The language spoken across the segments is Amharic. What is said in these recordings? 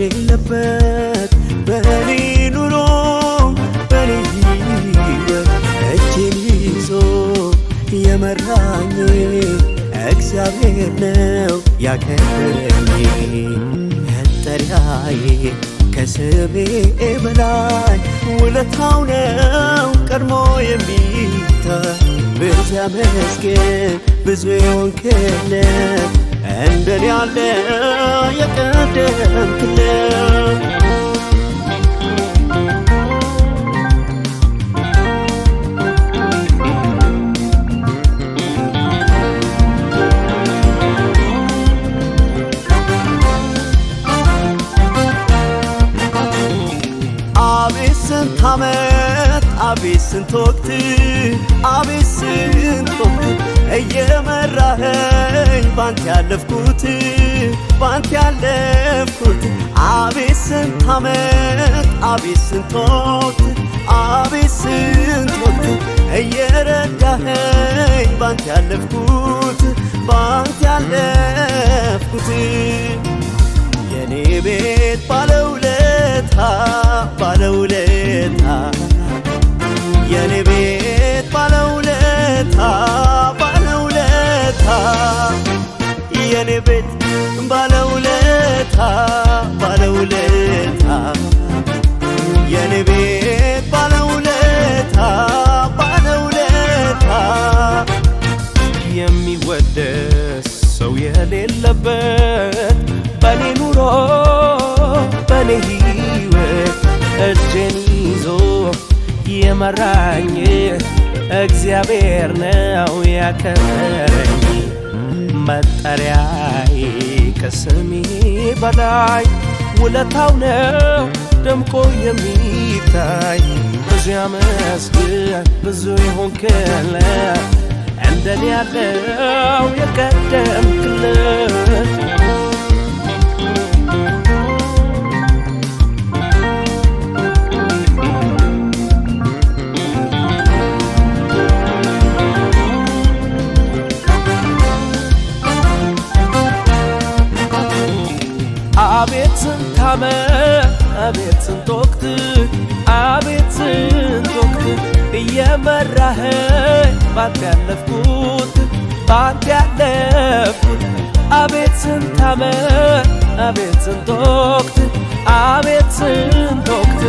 በሌለበት በኔ ኑሮ በኔ ሕይወት እጄን ይዞ የመራኝ እግዚአብሔር ነው ያከበረኝ መጠሪያዬ ከስሜ በላይ ውለታው ነው ቀድሞ የሚታይ በዚያ መስገን ብዙ የሆንክለት እንደኔ ያለ የቀደምክለት አቤት ስንት ዓመት አቤት ስንት ወቅት አቤት ስንት ወቅት እየመራኸኝ ባንተ ያለፍኩት ባንተ ያለፍኩት አቤት ስንት ዓመት አቤት ስንት ወቅት አቤት ስንት ወቅት እየረዳኸኝ ባንተ ያለፍኩት ባንተ ያለፍኩት የሚያወድስ ሰው የሌለበት በኔ ኑሮ በኔ ህይወት እጄን ይዞ የመራኝ እግዚአብሔር ነው ያከበረኝ መጠሪያዬ ከስሜ በላይ ውለታው ነው ደምቆ የሚታይ ብዙ ያመስግን ብዙ ይሆንክለ እንደኔ ያለው የቀደምክለት አቤት ስንት ዓመት አቤት ስንት ወቅት አቤት ስንት ወቅት እየመራህ ባንተ ያለፍኩት ባንተ ያለፍኩት አቤት ስንት ዓመት አቤት ስንት ወቅት አቤት ስንት ወቅት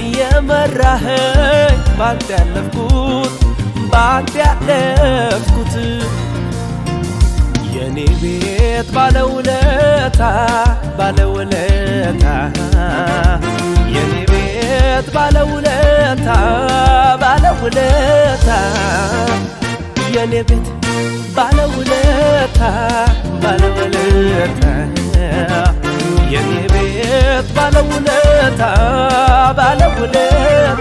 እየመራኸኝ ባንተ ያለፍኩት ባንተ ያለፍኩት የኔ ቤት ባለውለታ ባለውለታ የኔ ቤት ባለውለታ ባለውለታ የኔ ቤት ባለውለታ ባለውለታ የኔ ቤት ባለውለታ ባለውለታ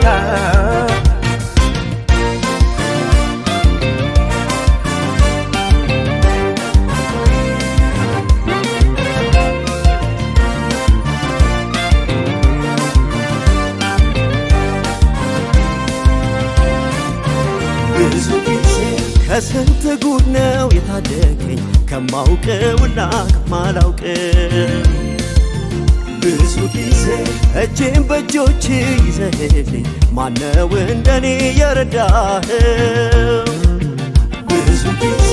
ከስንት ጉድ ነው የታደገኝ ከማውቀውና ከማላውቀው ብዙ ጊዜ እጄን በእጆች ይዘህልኝ ማነው እንደኔ የረዳኸው? ብዙ ጊዜ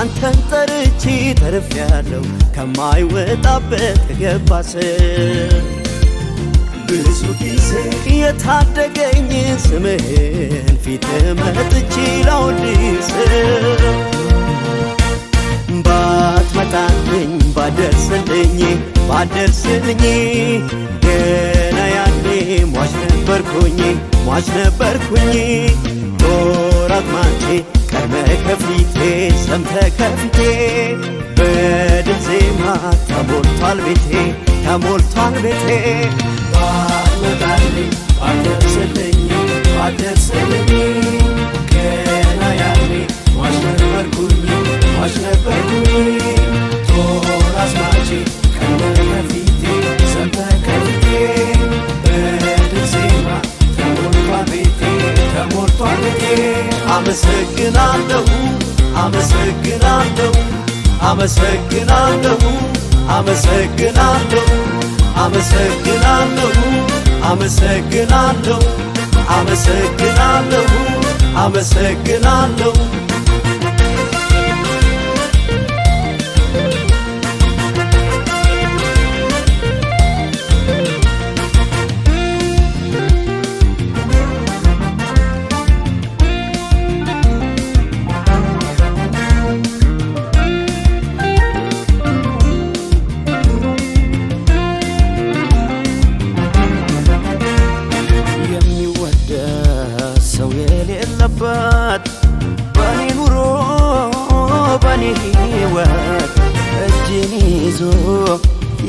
አንተን ጠርቼ ተርፌያለሁ ከማይወጣበት ከገባ ሰው ብዙ ጊዜ የታደገኝ ስምህን ፊት መጥቼ ላወድስ ባትመጣልኝ ባደርስልኝ ባደርስልኝ ገና ያኔ ሟች ነበርኩኝ ሟች ነበርኩኝ ወራት ማንቼ ቀድመ ከፊቴ ሰምተ ከፊቴ በድል ዜማ ተሞልቷል ቤቴ ተሞልቷል ቤቴ ባመጣልኝ ባደርስልኝ ገና ያኔ ሟች ነበርኩኝ ሟች ነበርኩኝ ጦር ቤቴ አመሰግናለሁ አመሰግናለሁ አመሰግናለሁ አመሰግናለሁ አመሰግናለሁ አመሰግናለሁ አመሰግናለሁ አመሰግናለሁ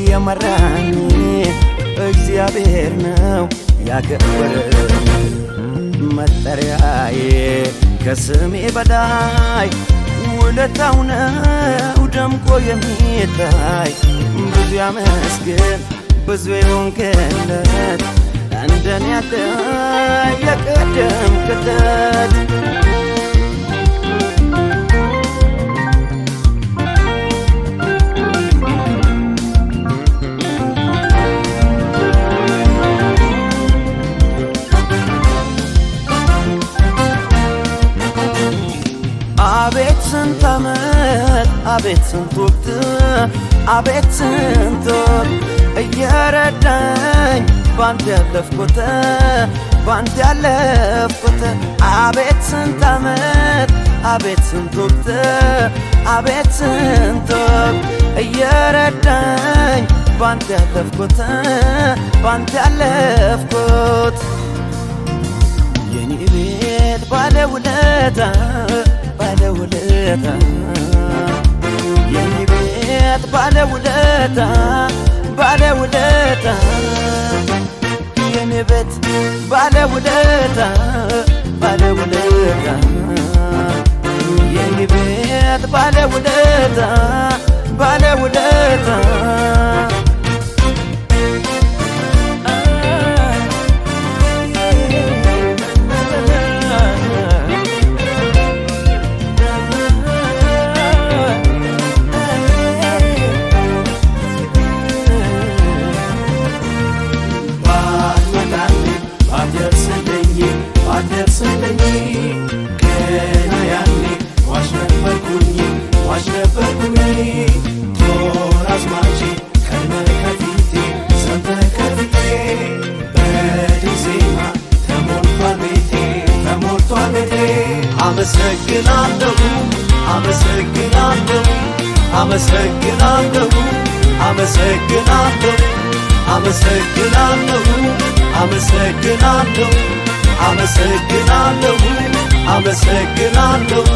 የመራኝ እግዚአብሔር ነው ያከበረኝ መጠሪያዬ ከስሜ በላይ ውለታው ነው ደምቆ የሚታይ ብዙ ያመስግን ብዙ የሆንክለት አቤት ስንት ወቅት አቤት ስንት እየረዳኝ ባንድ ያለፍኩት ባንድ ያለፍኩት አቤት ስንት ዓመት አቤት ስንት ወቅት አቤት ስንት እየረዳኝ ባንድ ያለፍኩት ባንድ ያለፍኩት የኔ ቤት ባለውለታ ባለውለታ ቸርነት ባለውለታ ባለውለታ የኔ ቤት ባለውለታ ባለውለታ የኔ ቤት ባለውለታ አመሰግናለሁ አመሰግናለሁ አመሰግናለሁ አመሰግናለሁ አመሰግናለሁ አመሰግናለሁ አመሰግናለሁ አመሰግናለሁ